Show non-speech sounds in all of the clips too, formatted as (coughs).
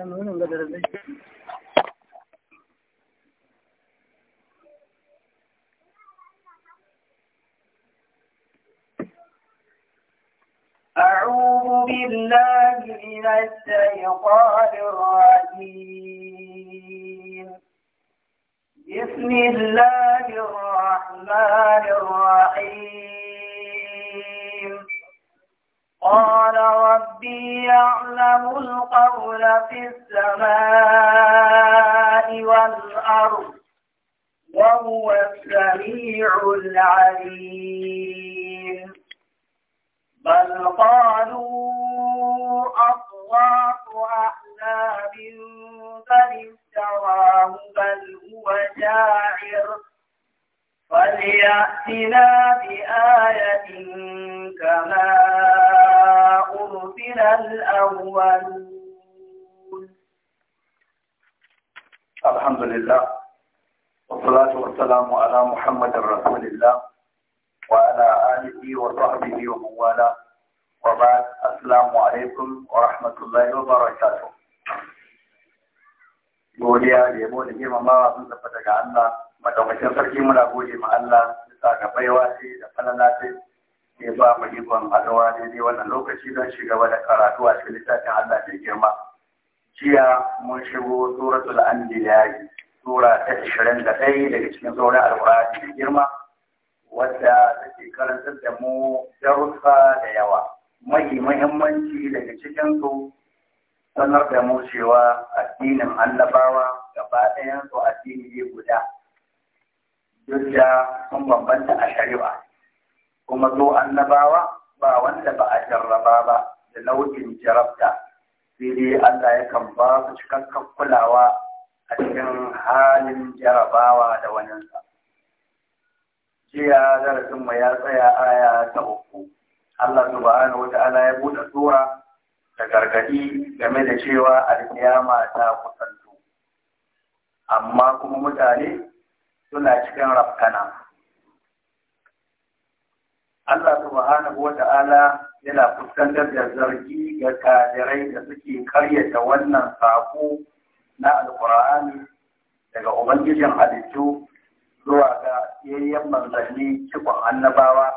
البيت أعوذ بالله من الشيطان الرجيم بسم الله الرحمن الرحيم قال ربي يعلم القول في السماء والأرض وهو السميع العليم بل قالوا أطلاق أحلام بل افتراه بل هو شاعر فليأتنا بآية كما أرسل الأولون الحمد لله والصلاة والسلام على محمد رسول الله وعلى آله وصحبه ومن والاه وبعد السلام عليكم ورحمة الله وبركاته godiya يا yabo da girmamawa sun tafi madaukakin sarki muna gode ma Allah bisa ga baiwa sai da falala sai ne ba mu ikon haɗuwa daidai wannan lokaci don shiga wa da karatu a cikin littafin Allah mai girma jiya mun shigo suratul anbiya sura ta 21 daga cikin sauran alqur'ani mai girma wadda take karantar da mu darussa da yawa mai muhimmanci daga cikin su sanar da mu cewa addinin annabawa gaba ɗayan su addini ne guda yadda sun bambanta a shari'a kuma zo annabawa ba wanda ba a jarraba ba da nau'in jarabta sai dai Allah yakan ba su cikakken kulawa a cikin halin jarabawa da waninsa. Jiya darasinmu ya tsaya aya ta uku. Allah subhanahu wata'ala ya buɗe sura da gargadi game da cewa alkiyama ta kusanto. Amma kuma mutane suna cikin rafkana Allah subhanahu wa ta'ala yana fuskantar da zargi ga kajirai da suke karyata wannan saƙo na alkur'ani daga ubangijin halittu zuwa ga yayyan manzanni cikin annabawa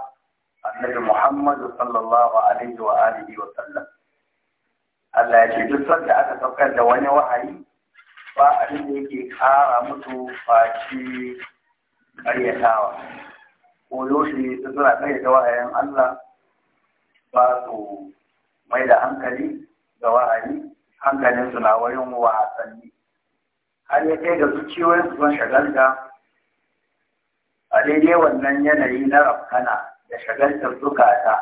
annabi muhammadu sallallahu alaihi wa alihi wa sallam Allah ya ce duk sanda aka saukar da wani wahayi ba abin da yake kara musu faci karyatawa ko yoshi su suna karyata wahayen Allah ba su mai da hankali ga wahayi hankalin su na wasanni har ya kai da su ciwon su son shagalta a daidai wannan yanayi na rafkana da shagaltar zukata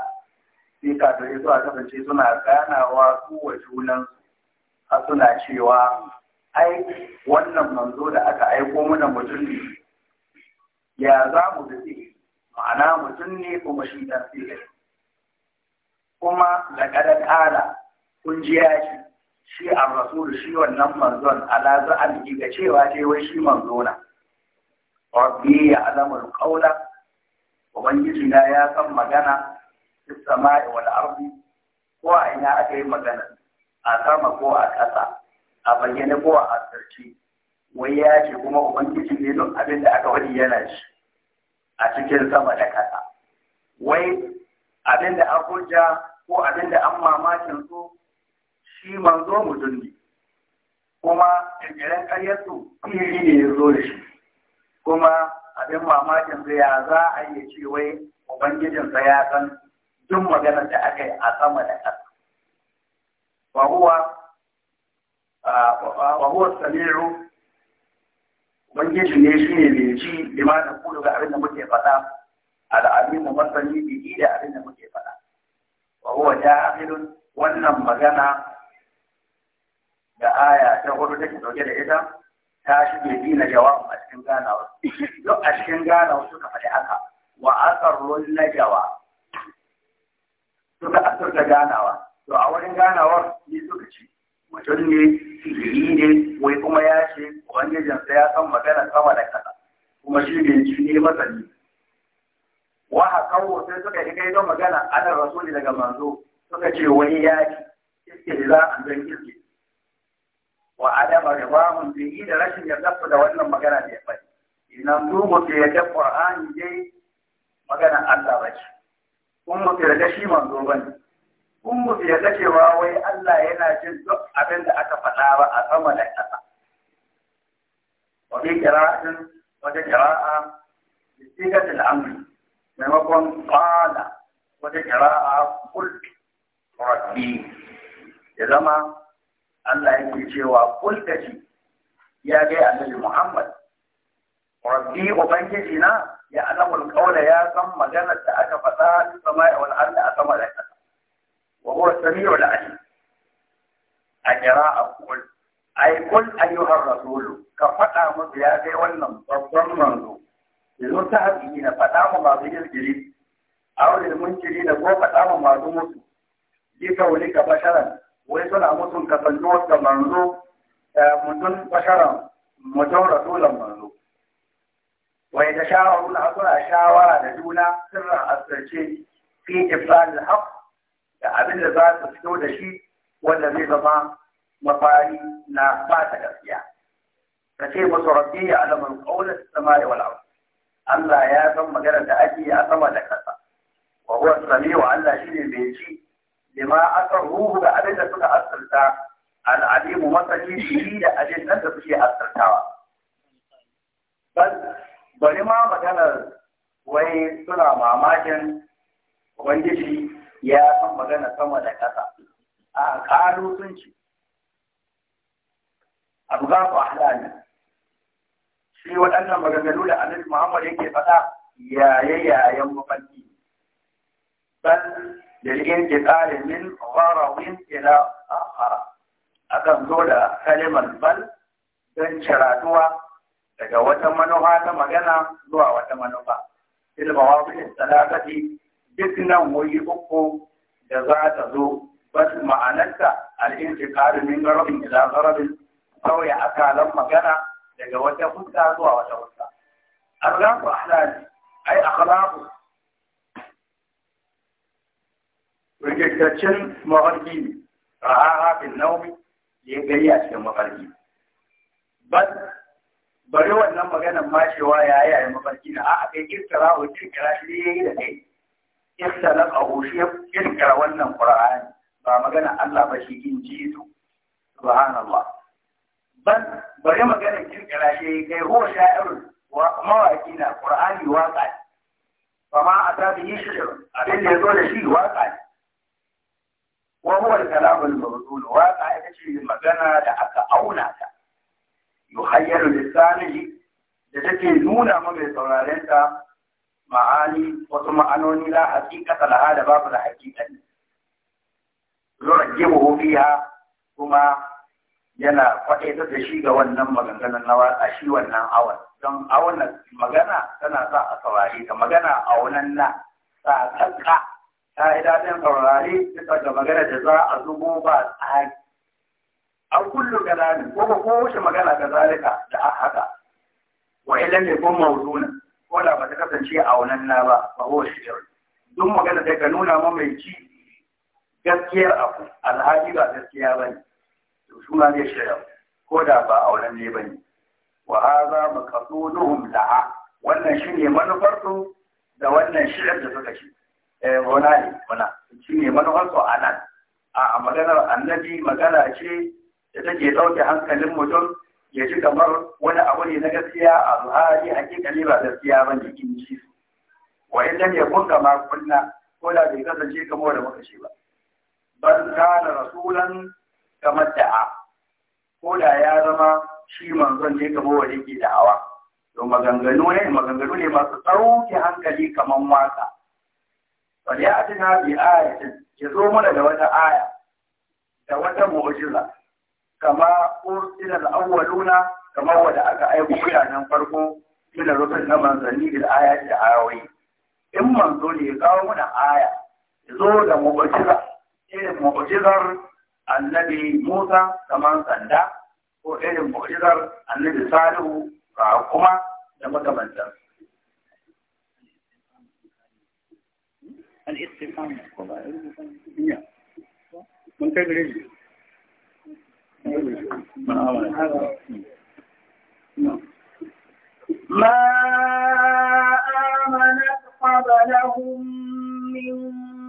sai kafin zuwa kasance suna ganawa su wa junansu a suna cewa ai wannan manzo da aka aiko mana mutum ne ya za mu bi ma'ana mutum ne kuma shi dan sihir kuma da kada kara kun ji ya shi shi a rasulu shi wannan manzon ala za a ga cewa ce wai shi manzo na rabbi ya alamul qawla ubangiji na ya san magana fi sama'i wal ardi ko a ina aka yi magana a sama ko a ƙasa a bayyane ko a asirce wai ya ce kuma ubangiji ne duk abin da aka wani yana shi a cikin sama da kasa wai abin da an hujja ko abin da an mamakin su shi manzo mutum ne kuma ƙirƙirar ƙaryarsu iri ne ya zo da shi kuma abin mamakin su ya za a iya ce wai ubangijinsa ya san duk maganar da aka yi a sama da ƙasa. Wahuwa wa huwa sami'u ubangiji ne shi ne mai ji limanin kudu ga abin da muke faɗa al'amin mu masani biki da abin da muke faɗa wa huwa jahilun wannan magana da aya ta hudu take dauke da ita ta shige dina jawab a cikin ganawa duk a cikin ganawa suka faɗi haka wa asarrun najawa suka asarta ganawa to a wurin ganawar ni suka ci mutum ne shiriri ne wai kuma ya ce ubangijinsa ya san magana sama da kasa kuma shi ne shi ne masani wa kawo sai suka yi kai don magana ana rasuli daga manzo suka ce wani ya ce iske za a zan iske wa adama da ba mun yi da rashin yarda da wannan magana da ya faɗi idan dubu ke ta qur'ani dai magana Allah ba ce kun mutu da shi manzo bane kun ba yarda cewa wai Allah yana jin duk abin da aka faɗa ba a sama da ƙasa. Wani kira'atin wata kira'a da sigar da al'amri maimakon ƙwala wata kira'a kul rabbi ya zama Allah yake cewa kul da shi ya ga annabi Muhammad rabbi ubangiji na ya alamul qawla ya san maganar da aka faɗa sama wal ardi a sama da ƙasa. Wa wace Saminu da Ali? A gyara a ƙungol. Ai Kulu, ayyukan wannan babban marmar. Yanzu ta haɗu gina fata mu masu ƙirƙiri. Aure mun cire da ko faɗa mu masu mutu. Ji ta wuri ka fasharan. Wai suna mutum ka sando ga marmar da mutum fasharan mu taura sunan Wai da shawarwari da juna sirra haskace fi da tsarin da abin da za su fito da shi wanda zai zama mafari na ba ta gaskiya ka ce musu rabbi ya alamun qawla samai wal ard Allah ya san maganar da ake a sama da kasa wa huwa samiu Allah shine mai ji lima asarruhu da abin da suka asirta al'alimu masani shi da abin nan da suke asirtawa bari ma maganar wai suna mamakin ubangiji ya san magana sama da ƙasa a ƙaro sun ce abu za ku ahlani shi waɗannan maganganu da annabi muhammad yake faɗa yaye yayan mafarki bal ke tsari min gharawin ila akhara akan zo da kalimar bal don ciratuwa daga wata manufa ta magana zuwa wata manufa ilmawa wasu salakati fitinan wuri uku da za ta zo bas ma'anarta al'intiqalu min garabin ila garabin sauya akalan magana daga wata hutta zuwa wata hutta akhlaqu ahlali ai akhlaqu rikitaccen mafarki ne ra'aha bin naumi ya gari a cikin mafarki bas bari wannan maganar mashewa ya yi a mafarki na a'a kai kirkira wa kirkira shi ne ya yi da kai istalaqahu shi kirkira wannan ƙur'ani, ba magana Allah ba shi in ji to subhanallah ban bari magana kirkira shi kai ruwa sha'ir wa mawaki na qur'ani ne, ba ma a atabi yishir abin da ya zo da shi waka wa huwa al-kalam al-mawzun waka ita ce magana da aka auna ta yuhayyalu lisanihi da take nuna ma mai sauraren ta ma'ani wasu ma'anoni la haqiqata laha da babu da haqiqani yurjibuhu fiha kuma yana kwaɗe da shi ga wannan maganganun na a shi wannan awon don auna magana tana sa a saurari ga magana aunan na sa kanka ta yi daɗin saurari ta ga magana da za a zubo ba tsari an kullu kalami ko ko wuce magana ga zalika da haka wa ilan ne ko mawuzunan Koda ba ta kasance a wannan na ba ba ko shi duk magana da ka nuna ma mai ci gaskiyar abu Alhaji ba gaskiya ba ne to su ma zai shirya ko da ba a wannan ne ba ne wa haza maqsuduhum laha wannan shine manufar su da wannan shirin da suka ci eh wala ne bona shine manufar su anan a maganar annabi magana ce da take dauke hankalin mutum ya ji kamar wani abu ne na gaskiya a hali hakikali ba gaskiya ba ne in ji su wa in ya yakun kama kunna ko da bai kasance kamar da muka ce ba Ban kana rasulan kamar da'a ko da ya zama shi manzon ne kamar wanda yake da'awa to maganganu ne maganganu ne masu tsauke hankali kamar waka wal na bi ayatin ya zo mana da wata aya da wata mu'ujiza. kama ursila al-awwaluna kama wanda aka aiko bayanan farko ila rusul na manzanni da ayati da ayoyi in manzo ne ya kawo mana aya ya zo da mu'jiza irin mu'jizar annabi Musa kamar sanda ko irin mu'jizar annabi Salihu ga kuma da makamantan al-istifham ko ba mun ما آمنت قبلهم من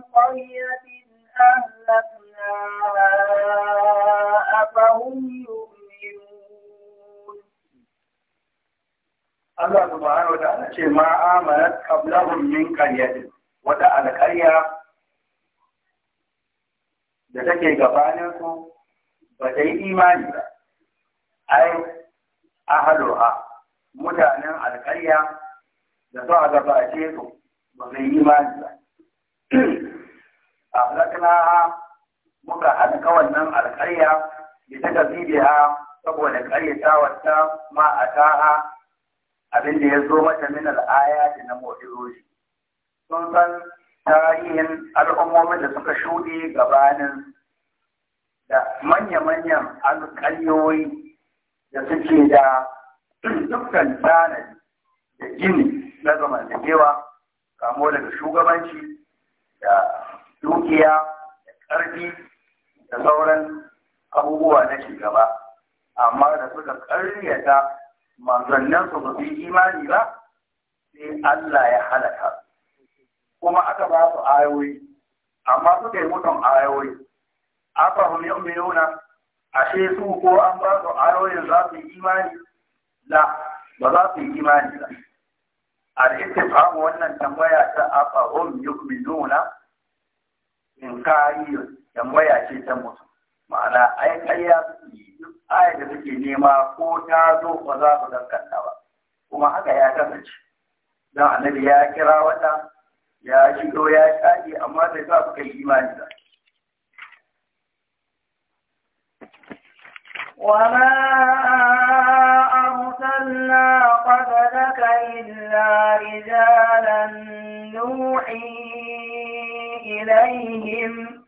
قرية أهلكناها أفهم يؤمنون الله سبحانه وتعالى ما آمنت قبلهم من قرية وتعالى قرية da take gabaninsu ba ta yi imani ba ai ha! mutanen alƙarya da za a gabace su ba zai yi imani ba a ha, muka halka wannan alƙarya da ta gafi saboda ƙaryatawarta ma a taha abin da ya zo mata min al'aya da na mu'ajizoji sun san tarihin al'ummomin da suka shuɗe gabanin manya-manyan alƙalyoyi da suke da dukkan tsanani da gini na zamantakewa kamo daga shugabanci da dukiya da ƙarfi da sauran abubuwa na shugaba amma da suka ƙaryata manzannin su ba su imani ba sai Allah ya halaka kuma aka ba su ayoyi amma suka yi mutum ayoyi afahum yu'minuna ashe su ko an ba su ayoyin za su yi imani la ba za su yi imani ba al-ittifaq wannan tambaya ta afahum yu'minuna in kai tambaya ce ta mutum. ma'ana ai kariya duk ayar da suke nema ko ta zo ba za su gaskata ba kuma haka ya kasance dan annabi ya kira wata ya shigo ya shaɗi amma bai sa su kai imani ba وما أرسلنا قبلك إلا رجالا نوحي إليهم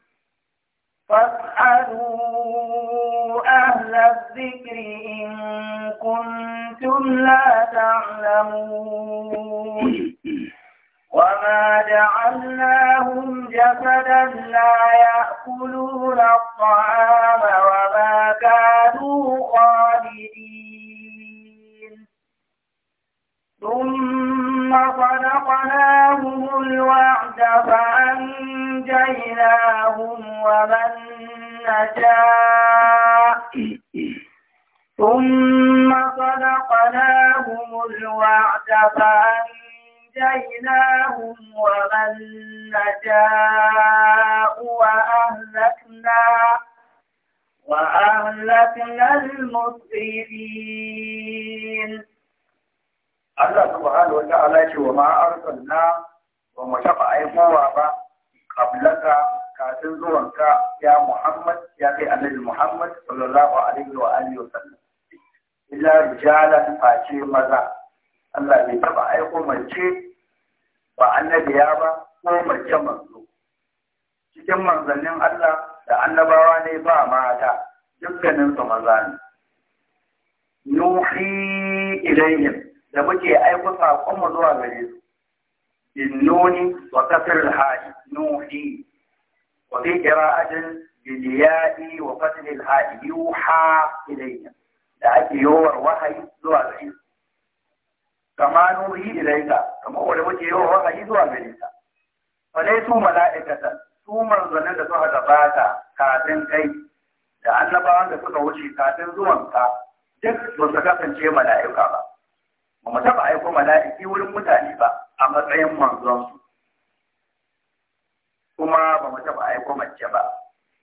فاسألوا أهل الذكر إن كنتم لا تعلمون (coughs) وما جعلناهم جسدا لا يأكلون الطعام وما كانوا خالدين ثم صدقناهم الوعد فأنجيناهم ومن نشاء ثم صدقناهم الوعد فأنجيناهم ونجيناهم ومن نشاء وأهلكنا وأهلكنا المسرفين Allah subhanahu wa ta'ala ce wa ma arsalna wa mu taɓa aikowa ba qablaka kafin zuwanka ya Muhammad ya kai Annabi Muhammad sallallahu alaihi wa alihi wa sallam illa rijalan face maza Allah bai taba aiko mace ba annabiya ba ko mace manzo cikin manzannin Allah da annabawa ne ba mata dukkanin su maza ne nuhi ilayhim da muke aiko sakon mu zuwa gare su binnuni wa kafir al nuhi wa fi qira'atin Biliyadi wa fathil ha'i yuha ilayhim da ake yowar wahayi zuwa gare su Kamano, yi ilaika kama wanda muke yawan wahayi zuwa gare ka falai su mala'ikatan su manzannin da suka gabata kafin kai da annabawan da suka wuce kafin zuwan ka duk ba su kasance mala'ika ba ba mu taɓa aiko mala'iki wurin mutane ba a matsayin manzonsu kuma ba mu taɓa aiko mace ba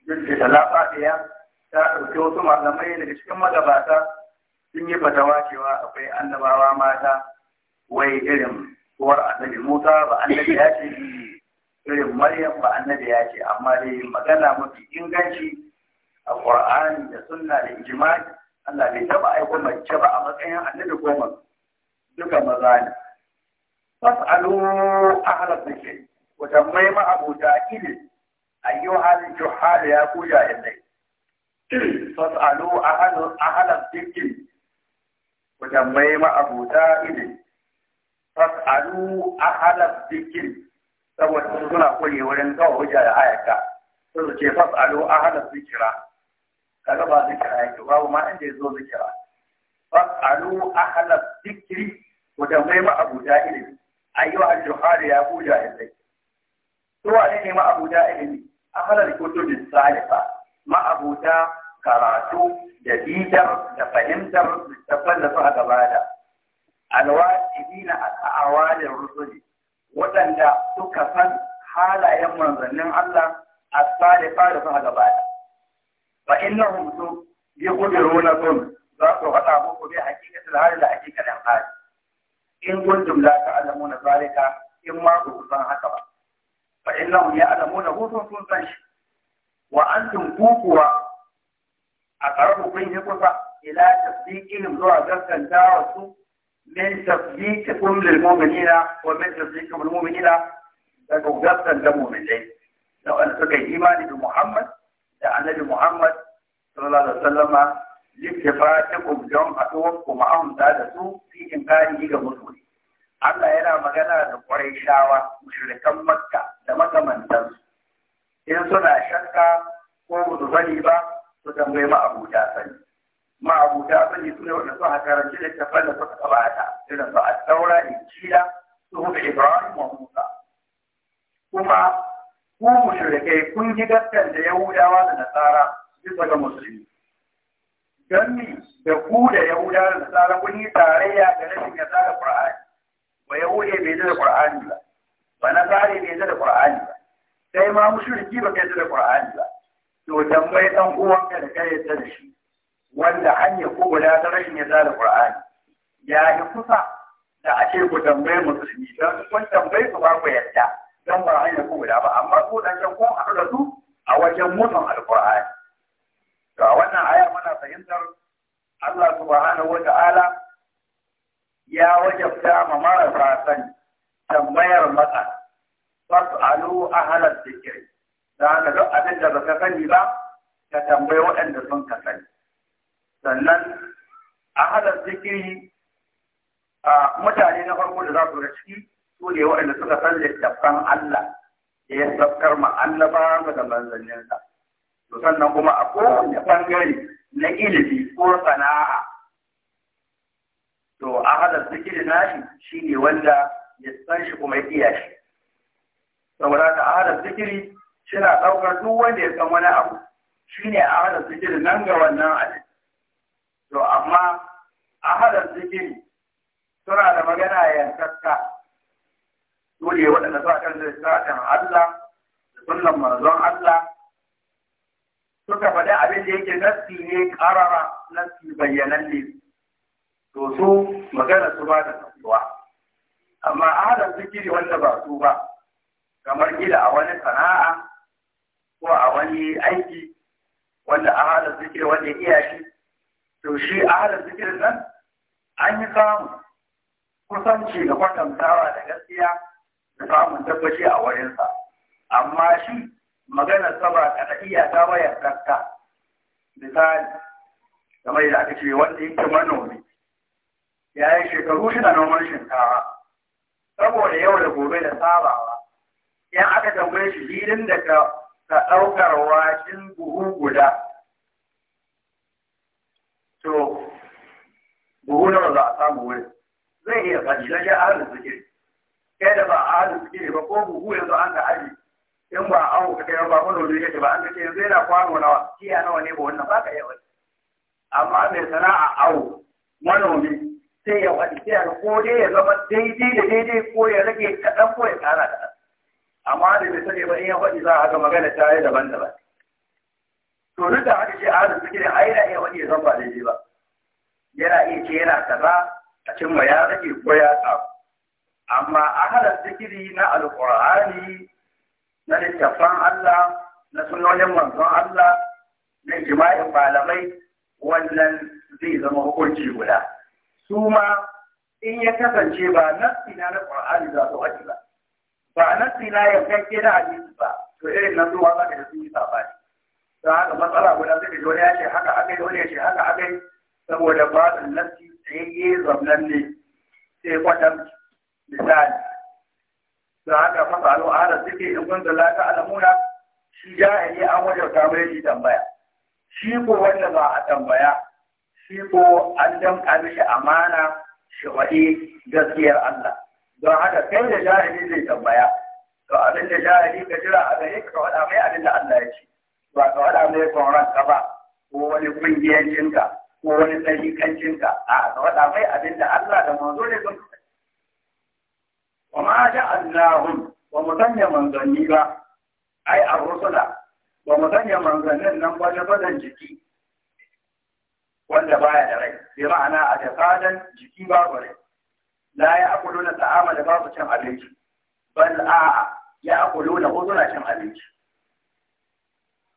duk da daya, ta ɗauke wasu malamai daga cikin magabata sun yi fatawa cewa akwai annabawa mata wai irin uwar annabi Musa ba annabi ya ce irin Maryam ba annabi ya ce amma dai magana mafi inganci a Qur'ani da sunna da ijma'i Allah bai taba aiko mace ba a matsayin annabi ko goma duka maza ne fas'alu ahla dhikri wa tamay ma abuta ilmi ayyuhal juhal ya ku alu fas'alu ahla ahla dhikri wa tamay ma a ilmi fasalu ahala zikir saboda suna kure wurin kawo hujja da ayata sun su ce fasalu ahala zikira ga ba zikira yake babu ma inda ya zo zikira fasalu ahala zikiri ko da mai ma abuja ilimi ayyuhal juhari ya ya zai Su wa ne ma abuja ilimi ahalar kutubin salifa ma da karatu da bidar da fahimtar littattafan da suka gabata alwajibina aka awalin rusuli waɗanda suka san halayen manzannin Allah a tsari fara Ba gabata hutu innahum su na sun za su haɗa muku bai hakikatar hali da hakikatar hali in ka alamu na zalika in ma ku san haka ba ya alamu na hu sun san shi wa antum kukuwa a karabu kun yi kusa ila tasdiqihim zuwa gaskanta wasu من تصديقكم للمؤمنين ومن تصديقكم للمؤمنين لكم قصدا للمؤمنين لو أن تكي إيماني بمحمد لأن محمد صلى الله عليه وسلم لاتفاقكم جمعتكم معهم سادسوا في إمكانه كمسلمين Allah yana magana da Qurayshawa mushrikan Makka da makamantansu in suna shakka ko ba su sani ba su tambayi ma Abu Jahal ma abuta sani suna wanda suka karanci littafan da suka gabata irin su a taura su hudu ibrahim wa musa kuma ku mushrikai kun ji da yahudawa da nasara bisa ga musulmi don ni da ku da yahudawa da nasara kun yi tarayya ga rashin yasa da qur'ani wa yahude bai da qur'ani ba ba na tsari bai da qur'ani ba sai ma mushriki ba kai da qur'ani ba to tambayi ɗan dan uwanka da kai da shi wanda an ko guda ta rashin ya da Qur'ani ya yi kusa da ake ku tambaye musulmi don kun tambaye su ba ku yadda don ba an ko guda ba amma ko dan can kun haɗu da su a wajen mutum alƙur'ani to a wannan aya muna fahimtar Allah subhanahu wata'ala ya wajabta ma marasa sani tambayar matsa fas'alu ahlal zikri da ka abin da baka sani ba ka tambayi waɗanda sun ka sani sannan a haɗa zikiri a mutane na farko da za su ciki su ne waɗanda suka san littattafan Allah da ya sabkar ma ga da manzanninsa to sannan kuma a kowane bangare na ilimi ko sana'a to a haɗa zikiri nashi shi ne wanda ya san shi kuma ya iya shi saboda ta a haɗa zikiri shi na ɗaukar duk wanda ya san wani abu shi ne a haɗa zikiri nan ga wannan abin to amma hadar zikiri suna da magana yankakka dole waɗanda suka kan lissafin Allah da sunan manzon Allah suka faɗi abin da yake nassi ne ƙarara nassi ne to su magana su ba da tafiwa amma hadar zikiri wanda ba su ba kamar gida a wani sana'a ko a wani aiki wanda hadar cikin wanda iya shi to shi a hada zikirin nan an yi samu kusanci da kwatantawa da gaskiya da samun tabbaci a wurinsa amma shi maganar saba ta iya ta wayar dakta misali kamar da aka ce wanda yake manomi ya yi shekaru shi da noman shinkawa saboda yau da gobe da sabawa in aka tambaye shi filin da ka ɗaukar wajen buhu guda to buhu nawa za a samu wuri? zai iya faɗi na ya ahalin suke kai da ba ahalin zikiri ba ko buhu yanzu an ka aji in ba a ka kai ba manomi yake ba an kace yanzu yana kwano nawa Kiya nawa ne ba wannan ba ka iya wani. amma mai sana'a awo manomi sai ya faɗi sai ya ko dai ya zama daidai da daidai ko ya rage kaɗan ko ya ƙara kaɗan amma da bai sani ba in ya faɗi za a ga magana ta yi daban-daban to duk da haka ce ahalin zikiri a yana iya wani ya zan ba daidai ba yana iya ce yana kaza a cin ma ya rage ko ya tsamu amma ahalin zikiri na alƙur'ani na littattafan Allah na sunonin manzon Allah na jima'in malamai wannan zai zama hukunci guda su ma in ya kasance ba nassi na na Qur'ani za su haji ba ba nassi na yankakke na hadisi ba to irin na zuwa ba da su yi sabani da haka matsala guda zai da wani ya ce haka akai wani ya ce haka akai saboda babin nassi tsayayye zamnan ne sai kwatan misali da haka fasalo a hada suke in kun zala ta alamuna shi jahili an wajen kamar shi tambaya shi ko wanda ba a tambaya shi ko an damƙa mishi amana shi gaskiyar Allah don haka kai da jahili zai tambaya to abin da jahili ka jira a gare ka faɗa mai abin da Allah ya ce ba ka faɗa mai son ka ba ko wani ƙungiyancinka ko wani ɗariƙancinka a ka faɗa mai abin da Allah da manzo ne sun faɗa. Wa ma Allahun ba mu sanya manzanni ba ai a rusula ba mu sanya manzannin nan wani fadan jiki wanda baya da rai sai ma'ana a jafadan jiki ba ba rai la ya akulu na ta'ama da babu cin abinci bal a ya akulu na na cin abinci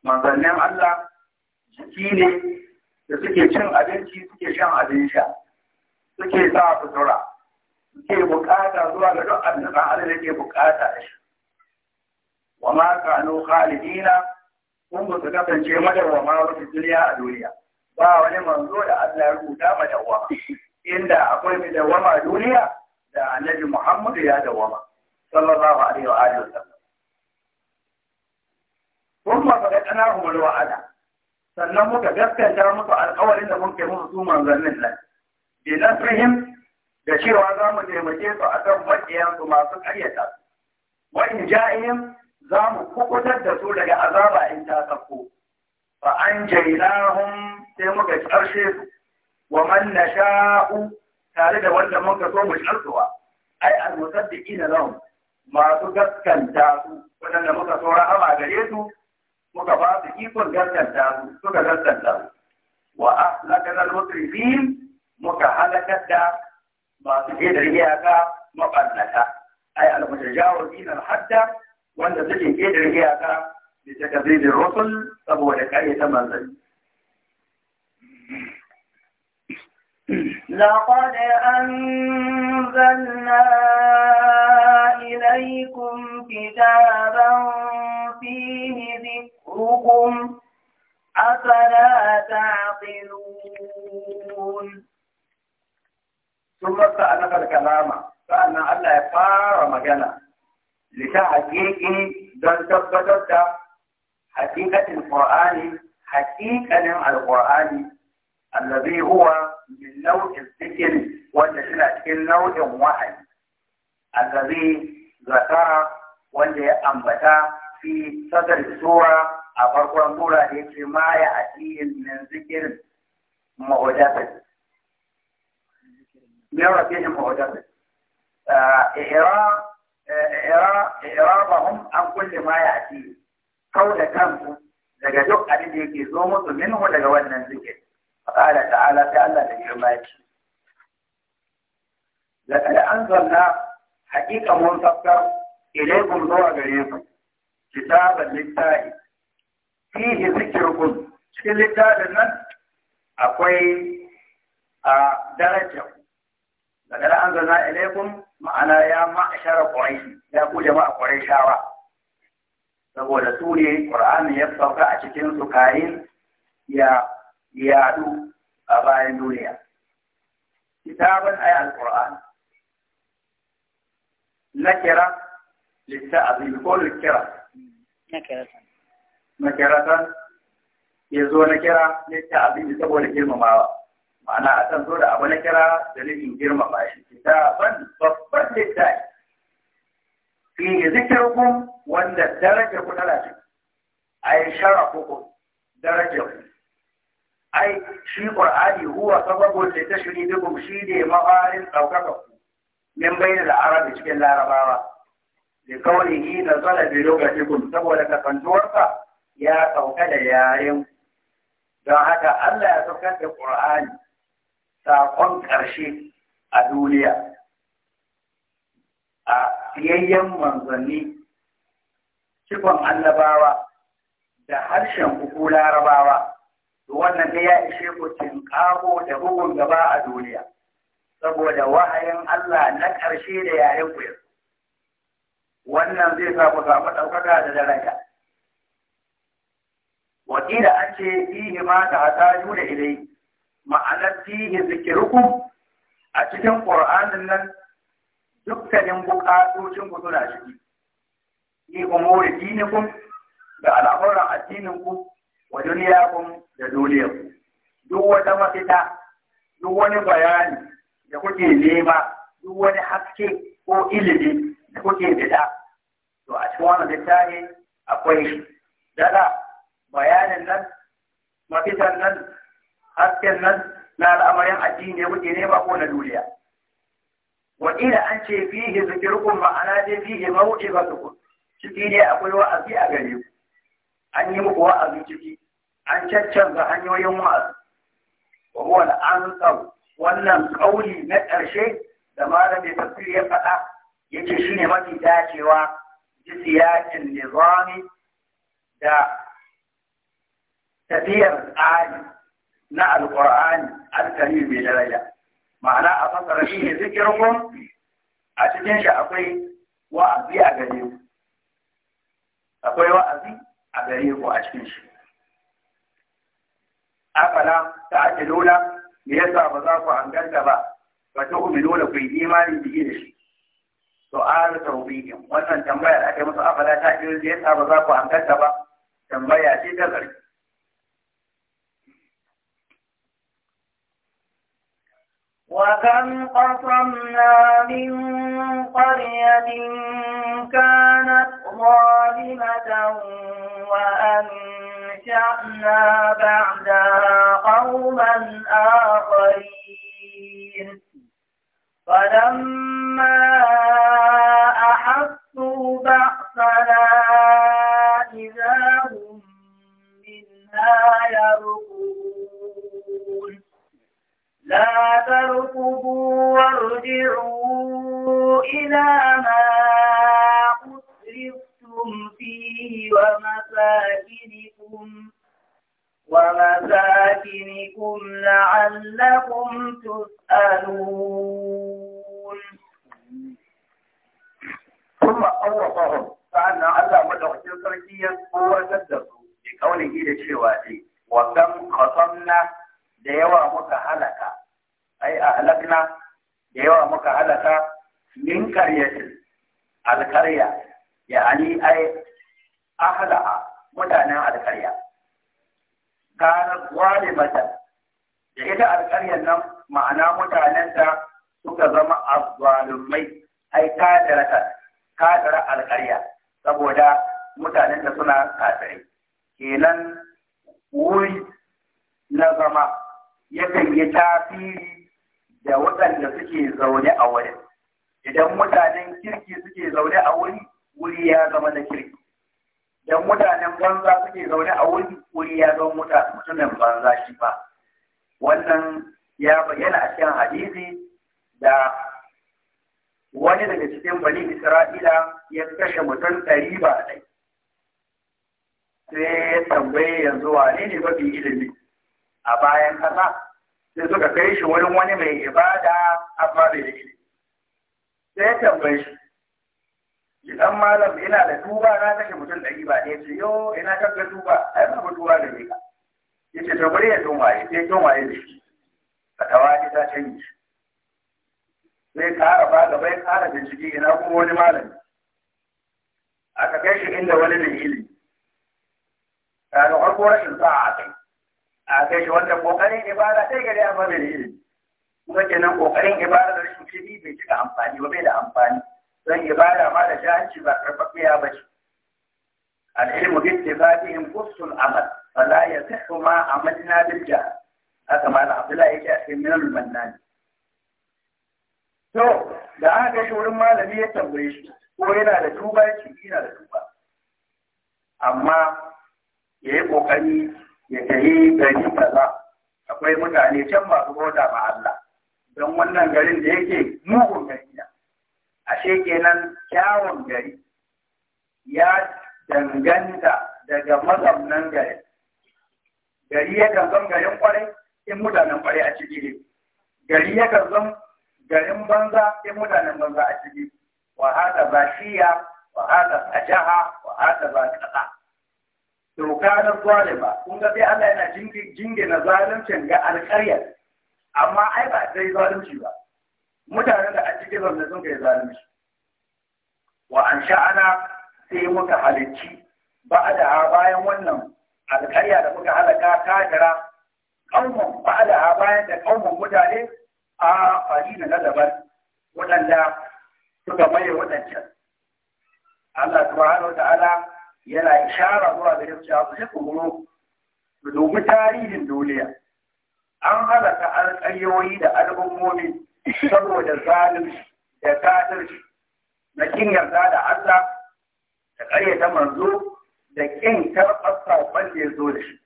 manzannin Allah jiki ne da suke cin abinci suke shan abin suke sa sutura suke bukata zuwa ga duk abin da Allah yake bukata shi wa ma kanu khalidina kun ba su kasance ma wata duniya a duniya ba wani manzo da Allah ya rubuta ma da wa inda akwai madawwama duniya da annabi Muhammad ya dawwama sallallahu alaihi wa alihi wasallam kun ma faɗa ƙana umar wa'ada sannan muka gaskanta musu alƙawarin da muke musu su manzannin nan bi nasrihim da cewa za mu taimake su a kan maƙiyansu masu ƙaryata wa in ja'ihim za mu kukutar da su daga azaba in ta sako fa an jailahum sai muka ƙarshe su wa man nasha'u tare da wanda muka so mu shartuwa ai al-musaddiqina lahum masu gaskanta su wadanda muka so rahama gare su وكفاته يكون جلداً داهو سوك جلداً داهو وأحلقنا المطرفين مكهلك الداهو ما تجد رياكا مقدنكا أي أنا متجاور دين الرسل طبو لك أي تمنزل لقد أنزلنا إليكم كتاباً يكفركم أفلا تعقلون ثم استأنف الكلام فأن الله يفار مجانا لتحقيق دون تبتدت حقيقة القرآن حقيقة القرآن الذي هو من نوع الذكر والذي من نوع واحد الذي ذكر والذي أنبت في صدر السورة a farkon sura da yake ma ya atiyin min zikirin Ira ba hun an kulle ma ya ما Kau da kanku daga duk abin da yake zo musu minhu daga wannan zikir qala ta'ala sai Allah da girma ya ce an zanna hakika mun tafkar ilaykum zuwa gare ku kitaban littafi fihi zikirkum cikin littafin nan akwai a daraja daga da an zana ilaikum ma'ana ya ma'ashara ƙwarai ya ku jama'a ƙwarai shawa saboda su ne ƙur'ani ya sauka a cikin su kayin ya yadu a bayan duniya kitabun ay alquran nakira lissa azim ko nakira kira. nakiratan ya zo na kira lita abin saboda girmamawa ma'ana a kan zo da abu na kira da nufin girmama shi ban babban littafi fi zikirkum wanda daraja ku tana ciki shara sharafukum daraja ku ai shi qur'ani huwa sababun li tashribikum shi ne mafarin daukaka ku min bayin da arabi cikin larabawa da na nazala bi lugatikum saboda kasantuwarsa ya sauka da yaren don haka Allah ya saukar da Ƙur'ani saƙon ƙarshe a duniya a siyayyen manzanni cikon annabawa da harshen uku larabawa to wannan ne ya ishe ku da bugun gaba a duniya saboda wahayin Allah na ƙarshe da yaren ku wannan zai sa ku samu ɗaukaka da daraja wakila an ce fihi ma ta hataju da ilai ma'anar fihi a cikin qur'anin nan dukkanin bukatocin ku suna ciki ni umuri dinikum da al'amuran addinin ku wa duniyakum da duniyarku duk wata mafita duk wani bayani da kuke nema duk wani haske ko ilimi da kuke bida to a cikin wannan littafi akwai daɗa. bayanin nan mafitan nan hasken nan na al'amarin addini ya wuce ne ba ko na duniya wa an ce fihi zikirkum ma'ana dai fihi maw'izatukum ciki ne akwai wa'azi a gare ku an yi muku wa'azi ciki an caccanza hanyoyin wa'azi wa huwa al wannan kauli na ƙarshe da malamin tafsir ya faɗa yace shine mafi dacewa ji siyakin nizami da tafiyar tsari na alƙur'ani alkari mai daraja ma'ana a fasara shi ne zikirkun a cikin shi akwai wa'azi a gare ku akwai wa'azi a gare ku a cikin shi afala ta ake lola me yasa ba za ku hanganta ba ba ta umino da ku yi imanin bige da shi to an taubihin wannan tambayar ake musu afala ta ake lola me yasa ba za ku hanganta ba tambaya ce ta zargi وكم قصمنا من قرية كانت ظالمة وأنشأنا بعدها قوما آخرين فلما أحسوا بأسنا إذا هم منها يرقون لا تركضوا وارجعوا إلى ما أسرفتم فيه ومساكنكم ومساكنكم لعلكم تسألون ثم أورطهم فأن الله مدعوكين سركيا هو تدرسوا بقوله لشوائي وكم خصمنا da yawa muka halaka ai a halakna da yawa muka halaka min karyatin alkarya ya ani ai ahla'a mutanen alkarya kana mata da ita alkaryar nan ma'ana mutanen ta suka zama azzalumai ai ka kadara alkarya saboda mutanen da suna kafirai kenan wuri na zama yakan yi tasiri da waɗanda suke zaune a wurin idan mutanen kirki suke zaune a wuri wuri ya zama na kirki idan mutanen banza suke zaune a wuri wuri ya zama mutanen banza shi ba wannan ya bayyana a cikin hadisi da wani daga cikin bani isra'ila ya kashe mutum ɗari ba ɗai sai ya tambaye yanzu wane ne mafi ilimi a bayan kasa, sai suka kai shi wurin wani mai ibada a fara da ilimi sai ya tambaye shi idan malam ina da tuba na kashe mutum ɗari ba ne ce yo ina ga tuba ai babu tuba da ne ya ce to bari ya ya ce tunwaye da shi a tawaye ta canji sai kara ba gaba ya kara bincike ina kuma wani malami aka kai shi inda wani mai ilimi ta da farko rashin sa'a a kai a kai shi wanda kokarin ibada ɗaya gari amma bai da ilimi kuma kenan kokarin ibada da rashin ilimi bai cika amfani ba bai da amfani don ibada ma da jahanci ba karɓaɓɓiya ba ce al'ilmu bi ittifaqihim qussul amal fala yasihhu ma amalna bil jahl haka malam abdullahi yake a cikin minal mannan to da aka kai shi wurin malami ya tambaye shi ko yana da tuba ya yake yana da tuba amma ya yi ƙoƙari ya tafi gari kaza akwai mutane can masu bauta ma Allah don wannan garin da yake mugun gari na ashe kenan kyawun gari ya danganta daga mazaunan garin gari yakan zan garin kwarai in mutanen kwarai a ciki gari yakan zan garin banza in mutanen banza a ciki wa hada ba shiya wa hada jaha wa hada ba kaza doka na zalima kun ga sai Allah yana na zalimcin ga alƙaryar amma ai ba dai zalunci ba mutanen da a cikin zamanin sun kai zalunci wa an sha'ana sai muka halicci ba da bayan wannan alƙarya da muka halaka jira kaumun ba da bayan da kaumun mutane a fari na daban waɗanda suka maye waɗancan Allah subhanahu wa ta'ala yana ishara zuwa gare cewa ku shi tsoro domin tarihin duniya an halaka alƙayyoyi da al'ummomi saboda zalunci da kafirci na kin yarda da Allah da ƙaryata manzo da kin karɓar saƙon da ya zo da shi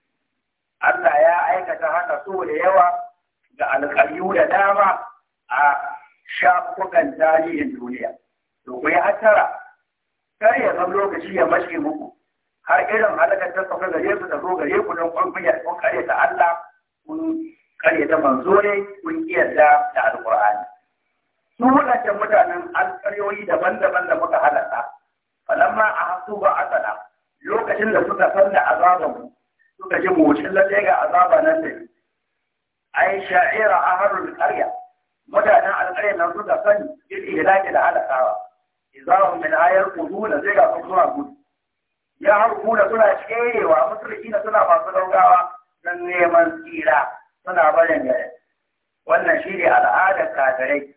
Allah ya aikata haka so da yawa ga alƙaryu da dama a shafukan tarihin duniya domin ya tara kar ya zama lokaci ya mace muku har irin halakar ta sauka gare su da zo gare ku don kwan kunya kun kare ta Allah kun kare ta manzo ne kun kiyarda da alkur'ani su wadannan mutanen alƙaryoyi daban-daban da muka halaka falamma hasu ba asala lokacin da suka san da azaban mu suka ji mocin lalle ga azaba nan da ai sha'ira aharul qarya mutanen alƙarya nan suka sani ya dace da halakawa izahum min ayar quduna zai ga su gudu ya harkuna suna cewa tserewa musulkina suna masu daukawa don neman tsira suna barin gare wannan shi ne al'adar kafirai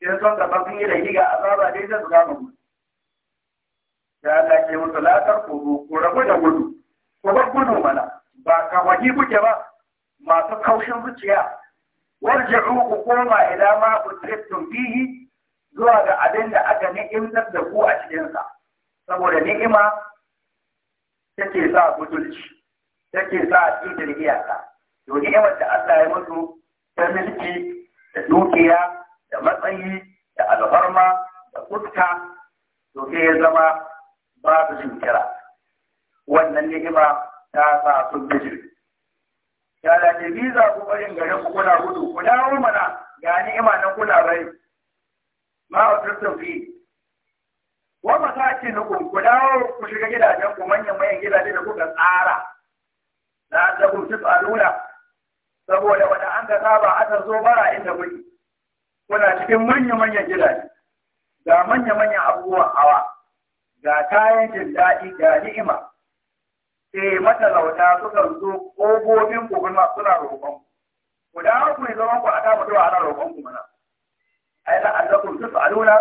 in sun gaba sun yi da higa azaba dai zai su gama gudu da Allah ke musu latar kudu ko rabu da gudu Ku bar gudu mana ba kawaki kuke ba masu kaushin zuciya warji'u ku koma ila ma kuntum fihi zuwa ga abin da aka ni'imtar da ku a cikinsa saboda ni'ima take sa mutunci, take sa cikin iyaka to ni'imar da Allah ya mutu ta milki da dukiya da matsayi da alfarma da kutka to ke ya zama ba babu kira. wannan ni'ima ta sa sun bijiri ya da za ku barin garin ku kuna gudu ku dawo mana ga ni'ima na kuna bai. ma Wata fi wa masakinukum ku dawo ku shiga gidajen ku manyan manyan gidaje da kuka tsara la ta kun tsaluna saboda wata an ga saba aka zo bara inda kuke kuna cikin manyan manyan gidaje ga manyan manyan abubuwan hawa ga kayan jin daɗi ga ni'ima eh matalauta suka zo ƙofofin ku suna roƙon ku dawo ku zama ku a ta a ana roƙon ku mana ai la allakum tus'aluna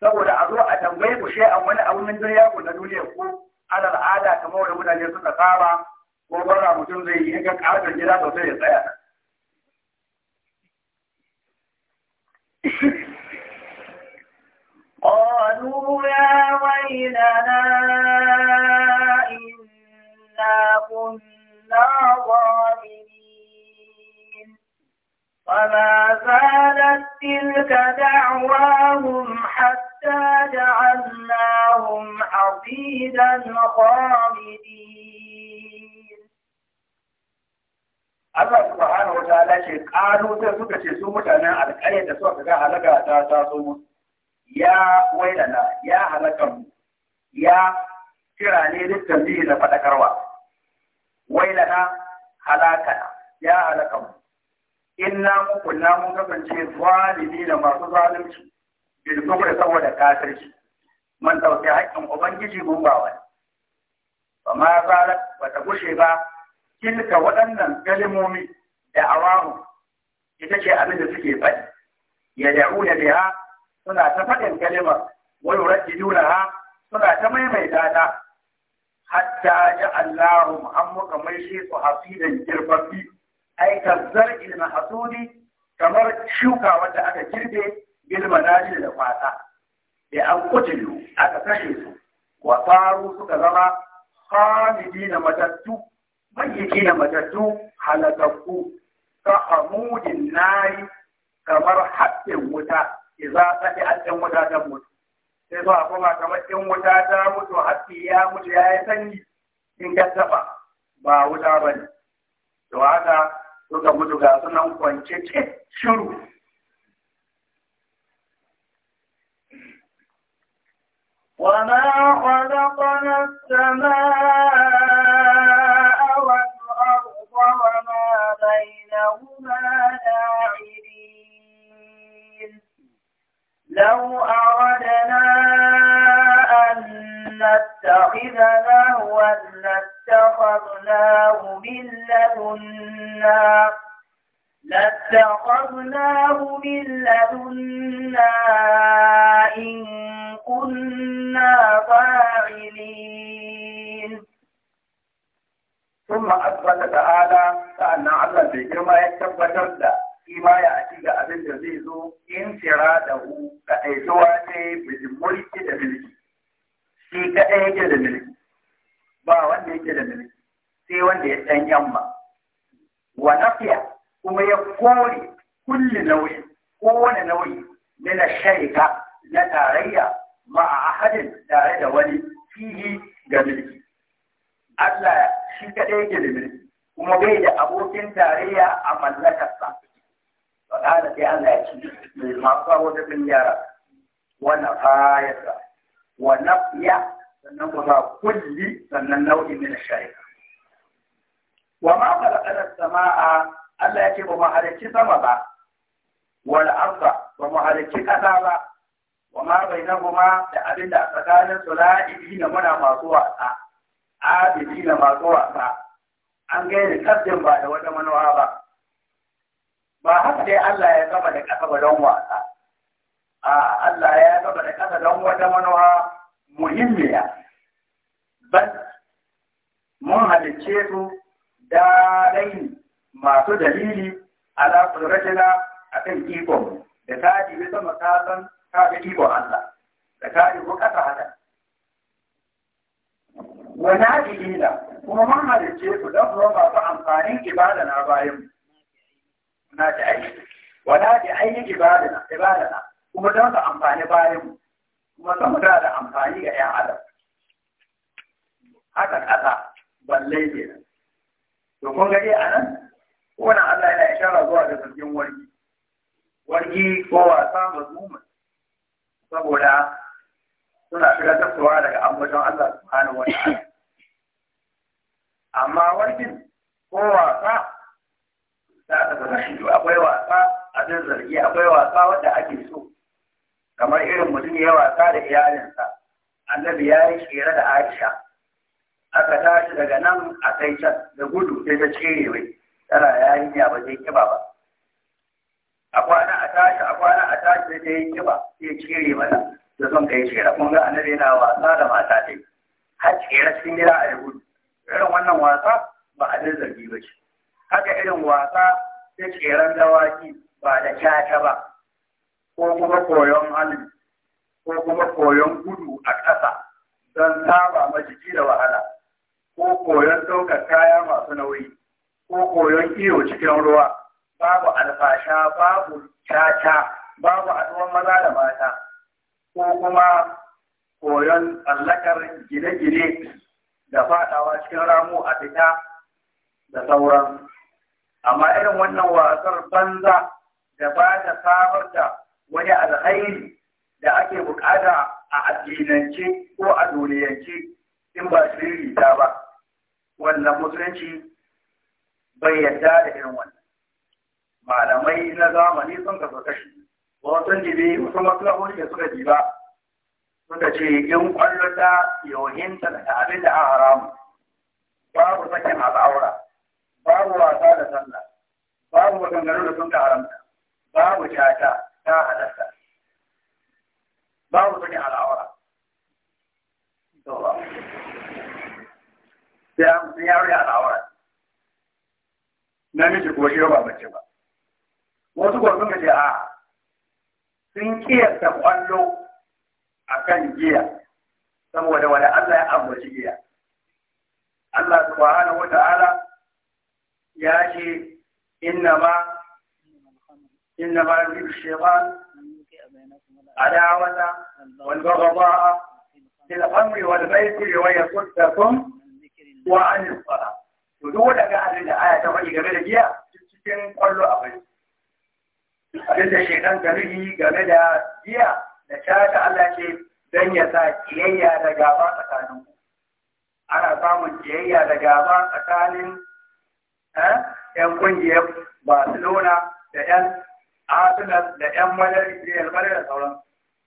saboda a zo a tambaye ku a wani abu min duniya ku na duniya ku alal ada kamar wanda mutane suka saba ko bara mutum zai yi ga ƙarfin gida sosai ya tsaya قالوا يا ويلنا إنا كنا ظالمين وما زالت تلك دعواهم حتى جعلناهم حصيدا خامدين Allah subhanahu wa ta'ala ce ƙalu sai suka ce mutanen alƙaryar da suka ga halaka ta taso musu ya wailana ya halakan ya kira ne littan faɗakarwa wailana ya inna na mun kasance zalimi da masu zalunci bil kufri saboda kafirci man dauke haƙƙin ubangiji mun ba wani ba ma fara ba ta gushe ba kilka waɗannan kalmomi da awamu ita ce abin da suke faɗi ya da'u da biha suna ta faɗin kalimar wa dura, ha suna ta maimaita ta hatta ja'allahu muhammadu kamar shi su hasidan kirfafi aika kazzar ilma hasudi kamar shuka wanda aka girbe bilma dajil da kwasa da an kutulu aka kashe su wa faru suka zama na matattu na matattu halakakku ka hamudin nari kamar haɗin wuta iza ta haɗin wuta ta mutu sai zuwa kuma kamar in wuta ta mutu haske ya mutu ya yi sanyi in ka ba wuta bane, ne to haka suka mutu ga su nan kwance ce shiru. na ƙwada أخذناه مِنْ لَدُنَّا إِنْ كُنَّا فَاعِلِينَ ثم أثبت تعالى فأن عبد بكما يتبتر له فيما يأتي لأبن جزيزو انفراده فأيزواته بالملك لملك shi kaɗai yake da mulki ba wanda yake da mulki sai wanda ya ɗan yamma wa nafiya kulli nau'i kowane nau'i min sharika na tarayya ma a ahadin tare da wani fihi ga mulki Allah shi kadai ke da mulki kuma bai da abokin tarayya a mallakarsa faɗaɗa sai Allah ya ci mai masu wata yara wannan fayarsa wannan fiya sannan kuma kulli sannan nau'i min sharika? wa ma balakar sama'a Allah ya ce ba mu halarci sama ba wal arda ba mu halicci ƙasa ba wa ma bainahuma da abin da tsakanin su na muna masu wasa na masu wasa an gaini kasdin ba da wata manowa ba ba haka dai Allah ya kafa da ƙasa ba don wasa a Allah ya kafa da ƙasa don wata manowa muhimmiya bas mun halicce su da masu dalili ala kudratina a kan ikon da ta dibi sama ta san ta ga ikon Allah da ta dibi kasa haka wani haɗi kuma mun halicce ku don kuma masu amfanin ibada na bayan na ta aiki wala da ainihin ibadana ibadana kuma don su amfani bayan mu kuma sama da da amfani ga 'yan adam haka ƙasa balle ke nan to kun gani a nan wannan Allah yana ishara zuwa da zargin warki wargi ko wasa zuma saboda suna shiga tasowa daga ambaton Allah subhanahu wa ta'ala amma wargin ko wasa za ta zama shi akwai wasa a cikin zargi akwai wasa wanda ake so kamar irin mutum ya wasa da iyalinsa annabi ya yi tsere da Aisha aka tashi daga nan a kai can da gudu sai ta cire mai tana yayin ya ba zai kiba ba akwai tashi a kwana a tashi da ya yi kiba ya cire mata da son kai cire kun ga annabi yana wasa da mata dai har cire cikin gida a yahudu irin wannan wasa ba a da zargi ba ce haka irin wasa ta tseren dawaki ba da kyata ba ko kuma koyon hannu ko kuma koyon gudu a ƙasa don saba ma jiki da wahala ko koyon ɗaukar kaya masu nauyi ko koyon iyo cikin ruwa babu alfasha babu caca babu haɗuwar maza da mata ko kuma koyon tsallakar gine-gine da fadawa cikin ramu a fita da sauran amma irin wannan wasar banza da ba ta samar da wani alhairi da ake bukata a addinance ko a duniyance in ba shiriri ta ba wannan musulunci bai yarda da irin wannan malamai na zamani sun kasu kashi wasu jibi wasu maslahori da suka jiba suka ce in kwallo ta yohinta da abin da an haramu babu sakin al'aura babu wasa da sallah babu maganganu da sun ka haramta babu cata ta halatta babu sakin al'aura sai an yare al'aura namiji ko shi ba mace ba wasu gwamnati ka ce sun kiyasta kwallo a kan giya saboda wani Allah ya ambaci giya Allah subhanahu wata'ala ya ce inna ma inna ma yurid shaytan adawata wal baghdha fil amri wal bayti wa yasuddakum wa an as-salah to duk wanda ga abin da aya ta faɗi game da giya cikin kwallo a bai da shekan ka game da jiya da shata Allah ce don ya sa kiyayya da gaba tsakanin ku ana samun kiyayya da gaba tsakanin yan eh, kungiyar Barcelona da yan Arsenal da yan Madrid da sauran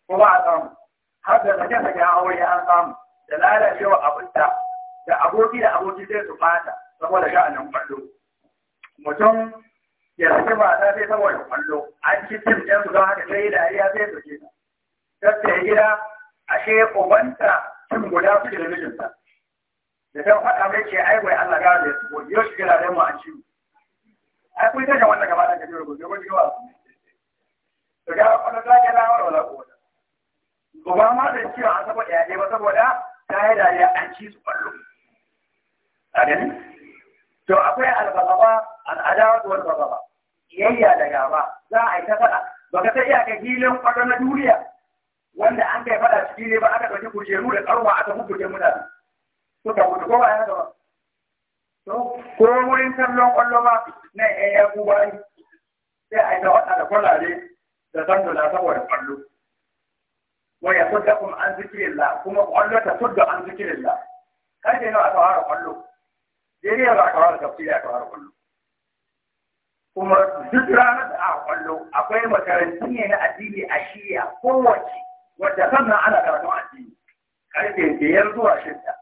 kuma a samu har da sake sake aure an samu da lalacewa abinta da aboki da aboki sai su fata saboda sha'anin kwallo mutum ya suke mata sai saboda kwallo an ci tim ɗin su don haka sai da ariya sai su ce ta gida ashe ubanta tim guda suke da mijinta da ta faɗa mai ce ai wai Allah gara da ya tuko yau shi gara da mu an ci ai kun ta wannan gaba da kabiru gobe ko jiwa to ga kwallo ta ke na wala wala ko ba ma da ciwo an saboda ya ba saboda ta yi dariya an ci su kwallo a gani to akwai albazaba al'adawa wal bazaba kiyayya da gaba za a yi ta faɗa ba ka ta iyaka filin kwallo na duniya wanda an kai faɗa ciki ne ba aka ɗauki kujeru da ƙarwa aka muna mutane ka mutu ko ba ya gaba to ko wurin kallon kwallo ba na ƴan ba kuba sai a yi ta faɗa da kwallare da sanduna saboda ƙwallo. wa ya sudda kuma an zikirillah kuma kwallo ta sudda an zikirillah kai ne a tawara kwallo dai ne a tawara tafsiri a tawara ƙwallo. kuma duk ranar da aka kwallo akwai makarantu ne na addini a shiya kowace wadda sannan ana karatun addini karfe biyar zuwa shida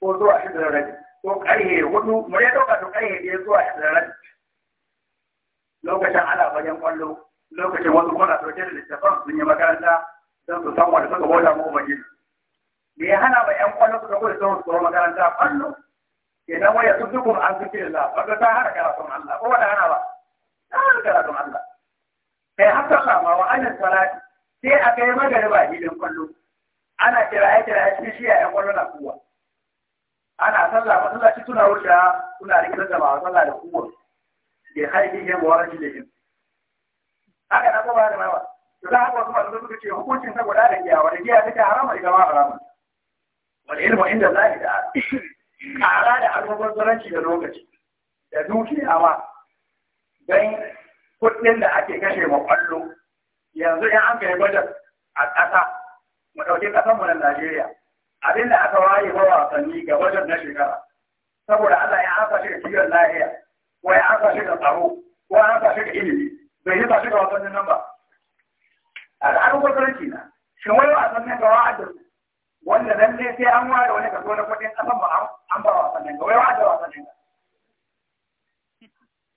ko zuwa shida da rabi ko karfe hudu mu ya dauka to karfe biyar zuwa shida da rabi lokacin ana bayan kwallo lokacin wasu kwana sauke da littafan sun yi makaranta don su san wanda suka bauta mu ubangiji me ya hana ba yan kwallo suka gudu sun su makaranta kwallo kenan waya tuddukum an zikrillah baka ta hana karatun Allah ko wanda hana ba ta hana karatun Allah kai hatta Allah ma wa anin salati sai a kai magariba gidan kwallo ana kiraye kiraye cikin shi ƴan kwallo na kuwa ana sallah masallaci tuna wuce kuna rikin da ba sallah da kuwa ke haifi yin wa rashin da yin haka na kuma da nawa to za haka wasu masu suka ce hukuncin saboda da giya wanda giya take harama da gama harama wal ilmu inda zalika kara da almubazzaranci da lokaci da dukiyawa don kuɗin da ake kashe ma yanzu in an kai gwajar a ƙasa mu ɗauki ƙasarmu na Najeriya abin da aka waye ba wasanni ga gwajar na shekara saboda Allah ya aka shi da kiwon lahiya ko ya aka shi da tsaro ko ya aka shi da ilimi bai yi ba shi da wasannin nan ba al'adun kwasaranci na shi wani wasannin ga wa'adin wanda nan ne sai an ware wani kaso na kudin ƙasan ba an ba wasannin ga wai da wasannin ga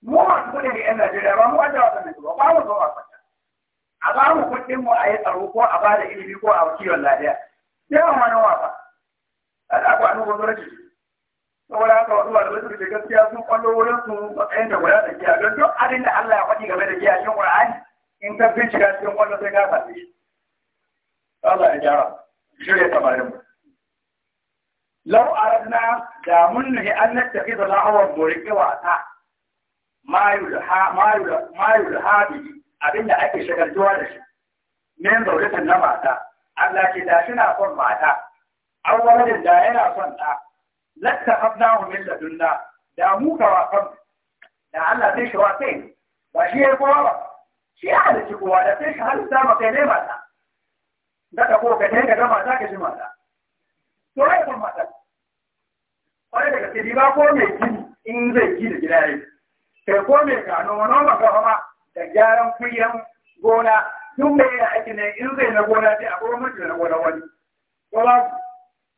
mu masu ne ga 'yan Najeriya ba mu da wasannin ga ba mu zo wasannin a ba mu kudin mu a yi tsaro ko a ba da ilimi ko a kiwon lafiya sai an wani wasa Allah ku anu gozo rage saboda haka wasu ba da wasu da gaskiya sun kwallo wurin su matsayin da guda da kiya don duk abin da Allah ya faɗi game da kiya shin Qur'ani in ka bincika cikin kwallo sai ka sa shi Allah ya gyara shirya samarin lau aradna da mun nahi an nattafi da lahawar moriƙe wasa mayu da habi abinda ake shagaltuwa da shi min zauratan na mata Allah ce da shi na son mata an wani da yana son ta latta hafna min ladunna da mu ka wasan da Allah sai shi ba shi ya ya da sai shi mata daga ko ka kai ka gama za ka ji mata to ai kun mata kwarai daga sai ba ko mai gini in zai da gida ne kai ko mai gano wani ma gaba da gyaran kuyan gona duk mai yana aiki ne in zai na gona sai a ko mutum na gona wani ko ba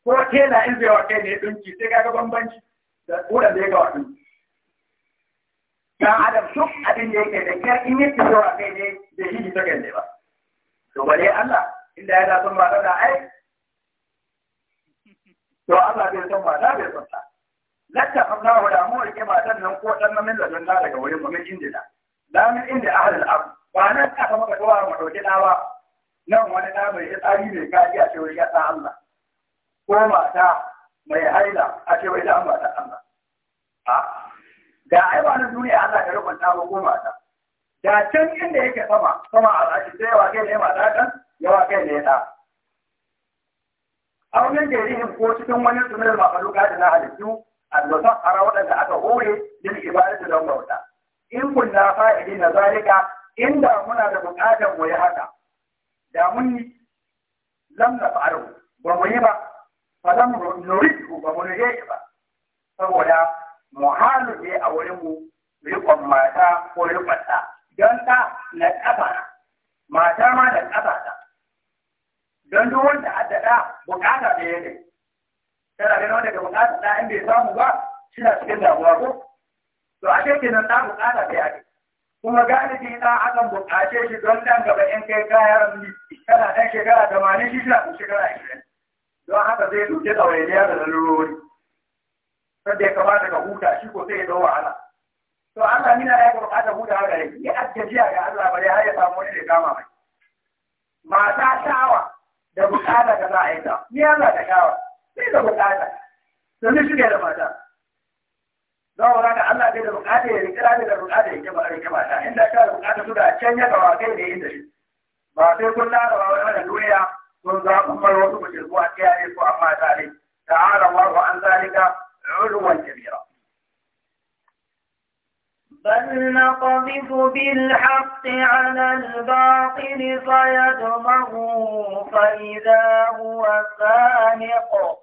ko tela in zai wa kai ne dunki sai ka ga bambanci da kodan da ya ga wa dunki dan adam duk abin da yake da kyar in yake da wa kai ne da shi ta kai ne ba to bare Allah inda yana son ba da ai to Allah bai son mata bai son ta lakka amma wa da mu rike matan nan ko dan mamin da dan daga wurin mamin inda da min inda al ab ba nan aka maka dawa mu dauki dawa nan wani da bai yi tsari ne ka a cewa ya ta Allah ko mata mai haila a cewa ya mata Allah a da ai ba na duniya Allah ya rubuta ba ko mata da can inda yake sama sama a rashi sai wa ke ne mata kan yawa kai ne da aunin da ko cikin wani sunan mafalu da na halittu albasan ara waɗanda aka hore yin da don bauta in kunna fa’idi na zalika inda muna da buƙatar mu yi haka da mun yi lam na ba mu yi ba fa nuri ku ba mu nuridu ba saboda muhalu ne a wurin mu riƙon mata ko riƙon ta, don ta na ƙafa mata ma da ƙafa ta don duk wanda addada bukata da yake tana ganin wanda da bukata da in bai samu ba shina cikin damuwa ko to a ce kenan na bukata da yake kuma galibi na akan bukace shi don dan gaba in kai kayar miki kana dan shekara 80 shi shina shekara 20 don haka zai dauke tsawainiya da lalurori sanda ya kamata ka huta shi ko sai ya zo wahala to Allah mina ya gurɓata huta haka ne ya addajiya ga Allah bare har ya samu wani da kama mai mata shawa da bukata ka za a yi ta ni ana da gawa sai da bukata sannan shi da mata za mu raka Allah bai da bukata ya rikira ne da bukata ya rike ba rike ta, inda ka da bukata su da can ya gawa kai ne inda shi ba sai kun larawa wani wani duniya sun za ku bar wasu mutum ta yare ko amma ta ne ta'ala wa an zalika ulwan kabira بل نقذف بالحق على الباطل فيدمغه فإذا هو خانق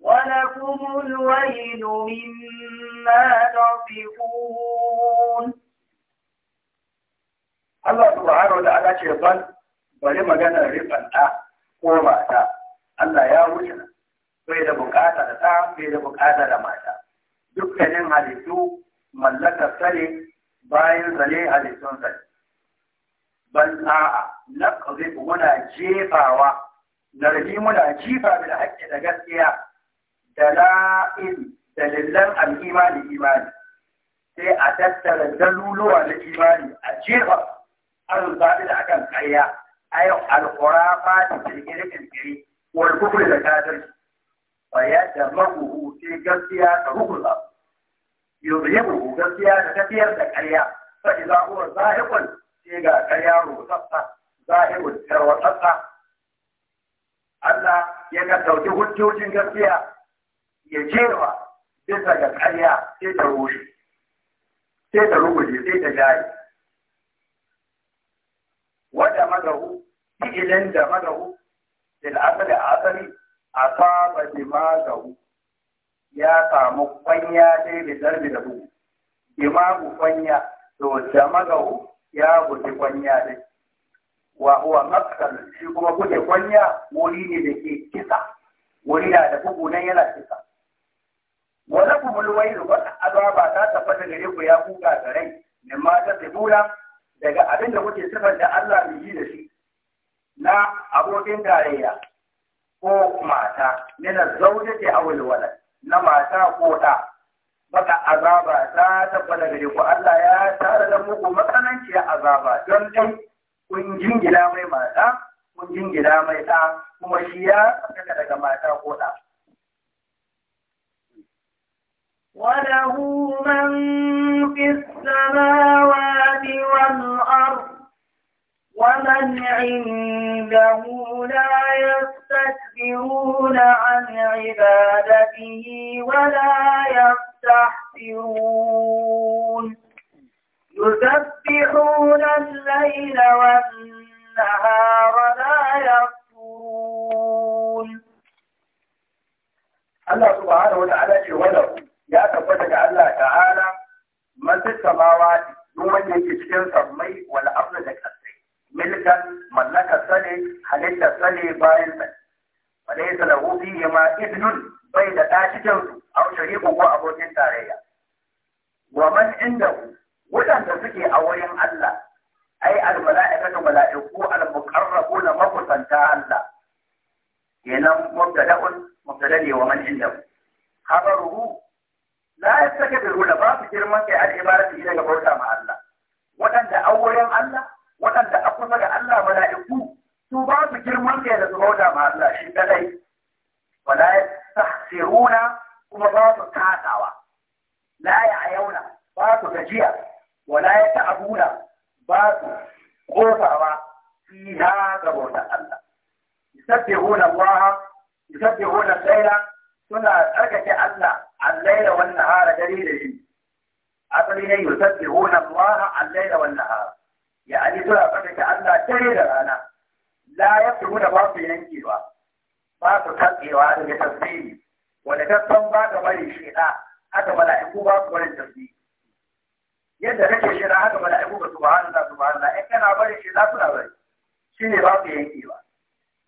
ولكم الويل مما تصفون الله سبحانه وتعالى شيطان ولم كان رفا قوما تا الله يا وشنا فإذا بكاتا تا فإذا بكاتا لما تا دكتنين هذه mallakar sare bayan zane halittun sare bal a'a naqdhi muna jefawa narbi muna jifa bil haqqi da gaskiya dala'il dalilan al-imani imani sai a tattara daluluwa na imani a jefa arzabi da akan kaya a yau qurafa da kirkire-kirkire wal kufri da kafirci fa da damahu sai gaskiya ta rubuta yuzhibu gaskiya da tafiyar da ƙarya fa idza huwa zahiqun sai ga ƙarya rusassa zahibun tarwatsatsa Allah ya ga dauki hujjojin gaskiya ya jewa bisa ga karya sai ta rushe sai ta rubuje sai ta jaye wanda magahu idan da magahu lil asali asali asaba dimagahu ya samu kwanya sai da zarbi da hu imamu kwanya to jama'ahu ya guji kwanya dai wa Uwa maskal shi kuma guje kwanya wuri ne da ke kisa wuri na da bugu nan yana kisa kuma Luwai da wata azaba ta tabbata gare ku ya kuka da rai min ma ta tsibula daga abin da kuke sifar da Allah mai yi da shi na abokin tarayya ko mata min a wani alwalad na mata ko ta, baka azaba ta tabbata gare ku Allah ya tare da muku matsananciyar azaba don dai kun jingila mai mata kun jingila mai ɗa kuma shi ya saka daga mata ko ɗa. وله من في السماوات والأرض ومن عنده لا يستكبرون عن عبادته ولا يستحسرون يسبحون الليل والنهار لا يفترون الله سبحانه وتعالى شوله يا تبتك الله تعالى من في السماوات يوم يجي cikin sammai والأرض لك milkan mallaka sane halitta sane bayan sa walaysa lahu fihi ma ibnun bai da ɗa cikin su aw shariku ko abokin tarayya wa man indahu wadanda suke a wurin Allah ai al mala'ikatu mala'iku al na makusanta Allah kenan mubtada'un mubtada ne wa man indahu khabaruhu la yastakbiruna ba su girman kai al ibarati ila ga bauta ma Allah wadanda a wurin Allah waɗanda a kusa ga Allah mala'iku su ba su girman kai da su bauta ma Allah shi kadai wala yastahsiruna kuma ba su kasawa la ayauna, ba su gajiya wala ya yata'abuna ba su kofawa fiha ga bautar Allah yusabbihuna Allah yusabbihuna hona laila suna tsarkake Allah al-laila wan hara dare da shi asali ne hona Allah al-laila wan hara. يعني suna tsarkake Allah dare da rana la ya tuhu da ba su yankewa ba su katsewa daga tasbihi wanda ta san ba ka bari shida haka mala'iku ba su barin tasbihi yadda kake shida haka mala'iku ba su ba'an da su ba'an da in kana bari shida suna bari shi ne ba su yankewa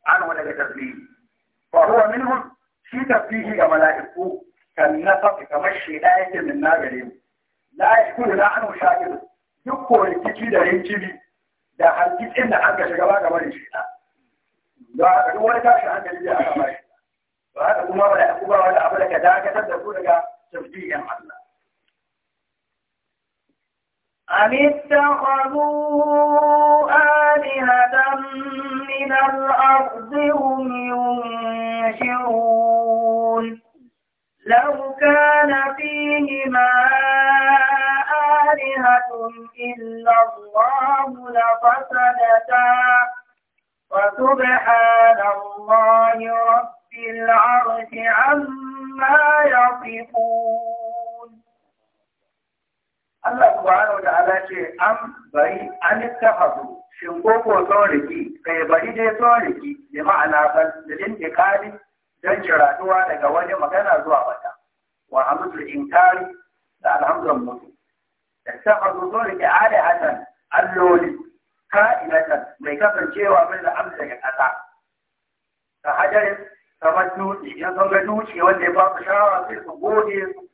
an wanda daga tasbihi fa huwa minhum shi tasbihi ga mala'iku kan nasafi kamar shida yake min na gare mu la yashkuru la an shakiru duk ko rikici da rikici da harkicin da an shiga ba gaba da shi na don haka duk wani tashi hankali da aka bashi don haka kuma ba da kuma wani abu da ka dakatar da su daga tasbihin Allah أم اتخذوا آلهة من الأرض هم ينشرون لو كان فيهما آلهة إلا الله لفسدتا وسبحان الله رب العرش عما يصفون Allah subhanahu wa ta'ala ce an bari an tafasu shin ko kai eh, bari dai da ma'ana ban da din ikali dan jiraduwa daga wani magana zuwa wata wa hamdul inkari da alhamdul اتخذوا ذلك آلهة اللول كائنة mai kasancewa mai da amsa ga ƙasa ta hajarin kamar dutse idan sun ga dutse wanda ya basu shawara sai su gode su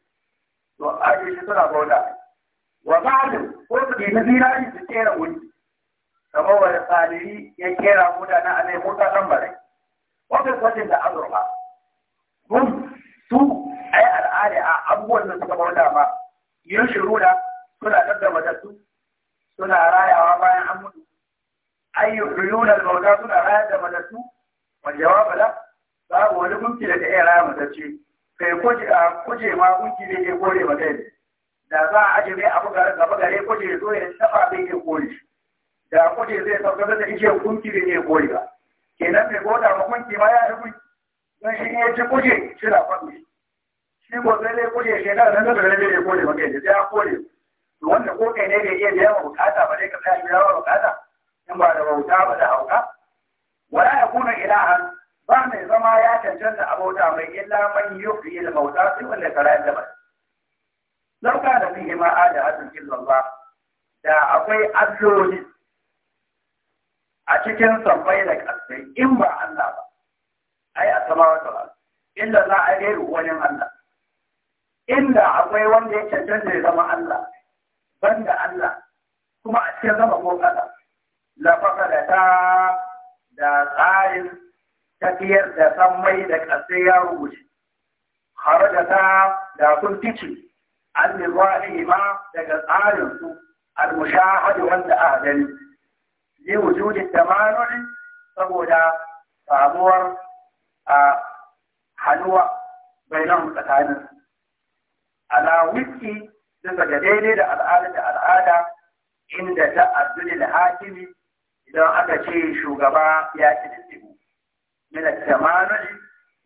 to aje shi suna bauta wa ba'du ko su ke nazira su kera wuri kamar wanda ya kera da azurfa su al'ada a abubuwan da suka bauta ma yin shiru da suna dadda matattu suna rayawa bayan an mutu ayyuhuyuna da mauta suna rayar da matattu Wani jawab la babu wani gunki da ta iya raya matacce kai kuje a kuje ma gunki ne ke kore ba ne? da za a ajiye mai abu gaba gare kuje zo ya taba bai ke kore da kuje zai sauka da ishe gunki ne ke kore ba kenan mai goda ma gunki ma ya rubu don shi ne ci kuje shi na faɗi shi ko sai dai kuje shi na nan da ne kore ba kai da ya kore wanda ko kai ne bai iya biya wa bukata ba dai ka tsaya biya wa bukata in ba da bauta ba da hauka wala ya kuna ilahan ba mai zama ya cancanta a bauta mai illa man yufi da bauta sai wanda ka rayar da ba? lauka da fihi ma ada hadin illallah da akwai alloli a cikin sammai da kasai in ba Allah ba ai a sama wata ba illa za a yi wani Allah inda akwai wanda ya cancanta ya zama Allah banda Allah kuma a cikin zama ko Allah la da ta da tsarin tafiyar da sammai da ƙasai ya rubuce da ta da sun fice an nirwahi ma daga tsarin su al-mushahadu wanda a gani li da tamanuri saboda samuwar a hannuwa bainan tsakanin ala wiki suka ga daidai da al'ada da al'ada inda ta abdul hakimi idan aka ce shugaba ya ci disibu min tamanu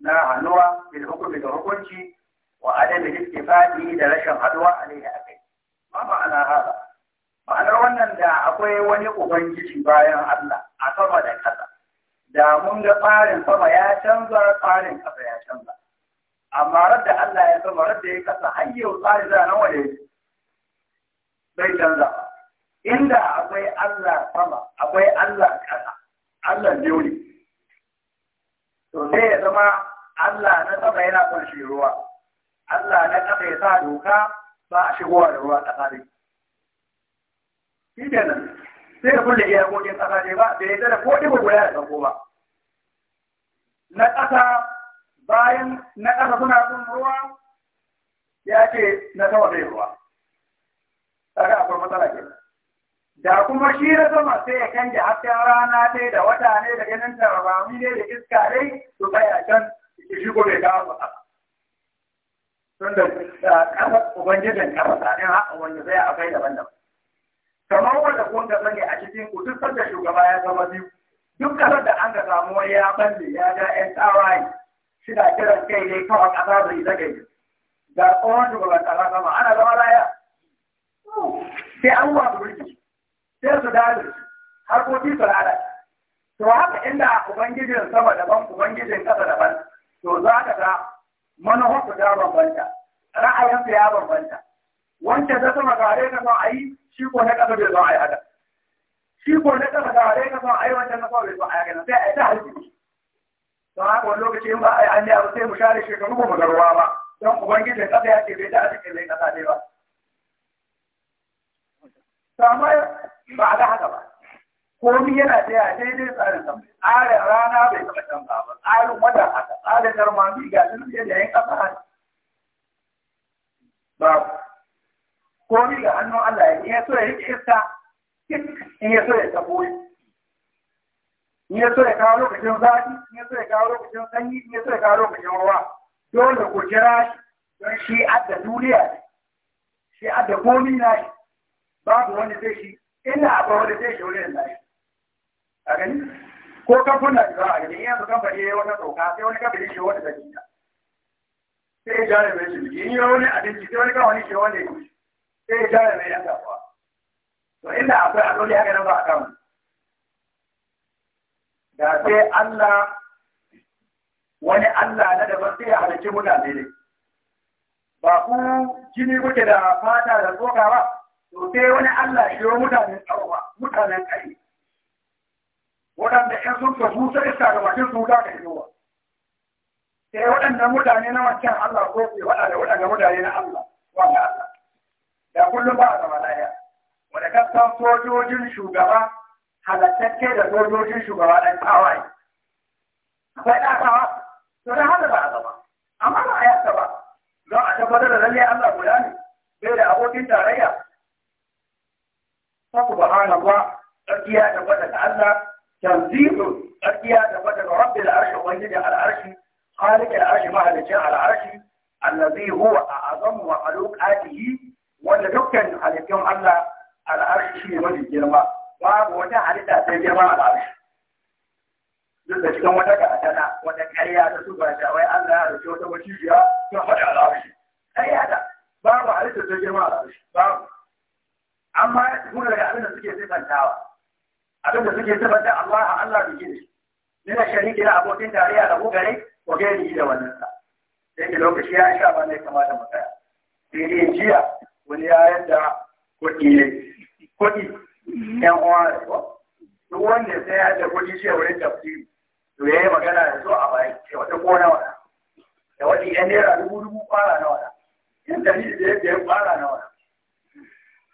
na hannuwa bil hukumi da hukunci wa adam istifadi da rashin haduwa alaihi akai ma ma'ana Ba ma'anar wannan da akwai wani ubangiji bayan Allah a sama da kasa da mun ga tsarin sama ya canza tsarin kasa ya canza amma radda Allah ya sama radda ya kasa hayyau tsari tsarin da nan sai canza inda akwai Allah sama akwai Allah kasa Allah ne to sai ya zama Allah na sama yana kwanci ruwa Allah na kasa ya sa doka ba a shigowa da ruwa kasa ne shi nan, sai da kulle iyakokin kasa ne ba da ya zara ko ɗigo guda da sako ba na kasa bayan na kasa suna son ruwa ya ce na sama bai ruwa kaga akwai matsala ke da kuma shi na zama sai ya canja hasken rana dai da wata ne da ganin tarbami ne da iska dai to a can shi ko bai kawo ba tun da kafa ubangijin kafa tsarin haka wanda zai akwai daban-daban kamar wanda kun ga sani a cikin ku duk sanda shugaba ya zama biyu duk kasar da an ga samu wani ya balle ya ga yan Shi na kiran kai ne kawai ƙasa zai zagaye Da tsohon shugaban kasa sama ana zama laya sai an wa burki sai su dare harkoki su lalace to haka inda ubangijin sama daban ubangijin kasa daban to za ka ga manufarsu ta bambanta ra'ayinsu ya bambanta wancan ta sama gare ka zo a yi shi ko na kasa bai zo a yi haka shi ko na kasa gare ka zo a yi wancan na kawai bai son a yi haka sai a yi ta halki To haka wani lokaci in ba a yi an yi abu sai mu share shekaru ba mu garuwa ba don ubangijin kasa ya ce bai ta a cikin mai kasa ne ba sama ba a da haka ba komi yana tsaya daidai tsarin sama tsarin rana bai taɓa canza ba tsarin wata haka tsarin garmami ga sun da yan ƙasa ba komi ga hannun Allah ya so ya yi iska in ya so ya tabo in ya so ya kawo lokacin zafi in ya so ya kawo lokacin sanyi in ya so ya kawo lokacin ruwa dole ku jira shi don shi adda duniya shi adda komi na shi babu wani sai shi ina akwai wani sai shi wurin da a gani ko kamfuna da za a gani yanzu kamfani ya wata doka sai wani kamfani shi wani da jita sai ya jare mai shi in yi wani abinci sai wani kamfani shi wani ya sai ya jare mai yanka kuwa to inda akwai aloli haka nan ba a kan da sai Allah wani Allah na daban sai ya halarci muna ne ba ku jini kuke da fata da tsoka ba to sai wani Allah shi wa mutanen tsawa mutanen kai waɗanda ƴan sun fa su sai sa ga bakin su za ka yiwa sai waɗanda mutane na wancan Allah ko bai waɗa da waɗanda mutane na Allah wanda Allah da kullum ba a zama lafiya wanda ka sojojin shugaba halattacce da sojojin shugaba ɗan tawaye akwai ɗakawa to da haka ba a zama amma ba a yasta ba don a tabbatar da lalle Allah guda ne bai da abokin tarayya فسبحان الله أرجيها تبدأ تعالى تنزيل أرجيها تبدأ رب العرش وجد على العرش خالق العرش مع الجاء على العرش الذي هو أعظم وخلوقاته wanda dukkan halittun Allah al'arshi shi ne mafi girma babu wata halitta sai girma al'arshi duk da cikin wata ga'adana wata karya ta su gasa wai Allah ya rufe wata wajibiya ta faɗi al'arshi karya ta babu halitta sai girma al'arshi babu amma ya tafi daga abin da suke sifantawa abin da suke sifanta Allah a Allah da gini nuna shariki na abokin tarayya da gare ko gani da wannan sa sai ki lokaci ya sha ba ne kamata mu tsaya sai dai jiya wani ya yadda kuɗi ne kuɗi ƴan uwa da ko duk wanda sai ya yadda kuɗi shi wurin tafsiri to yi magana da so a bayan ce wata na wata da wani ƴan naira dubu dubu fara na wata ƴan dalili da yadda ya fara na wata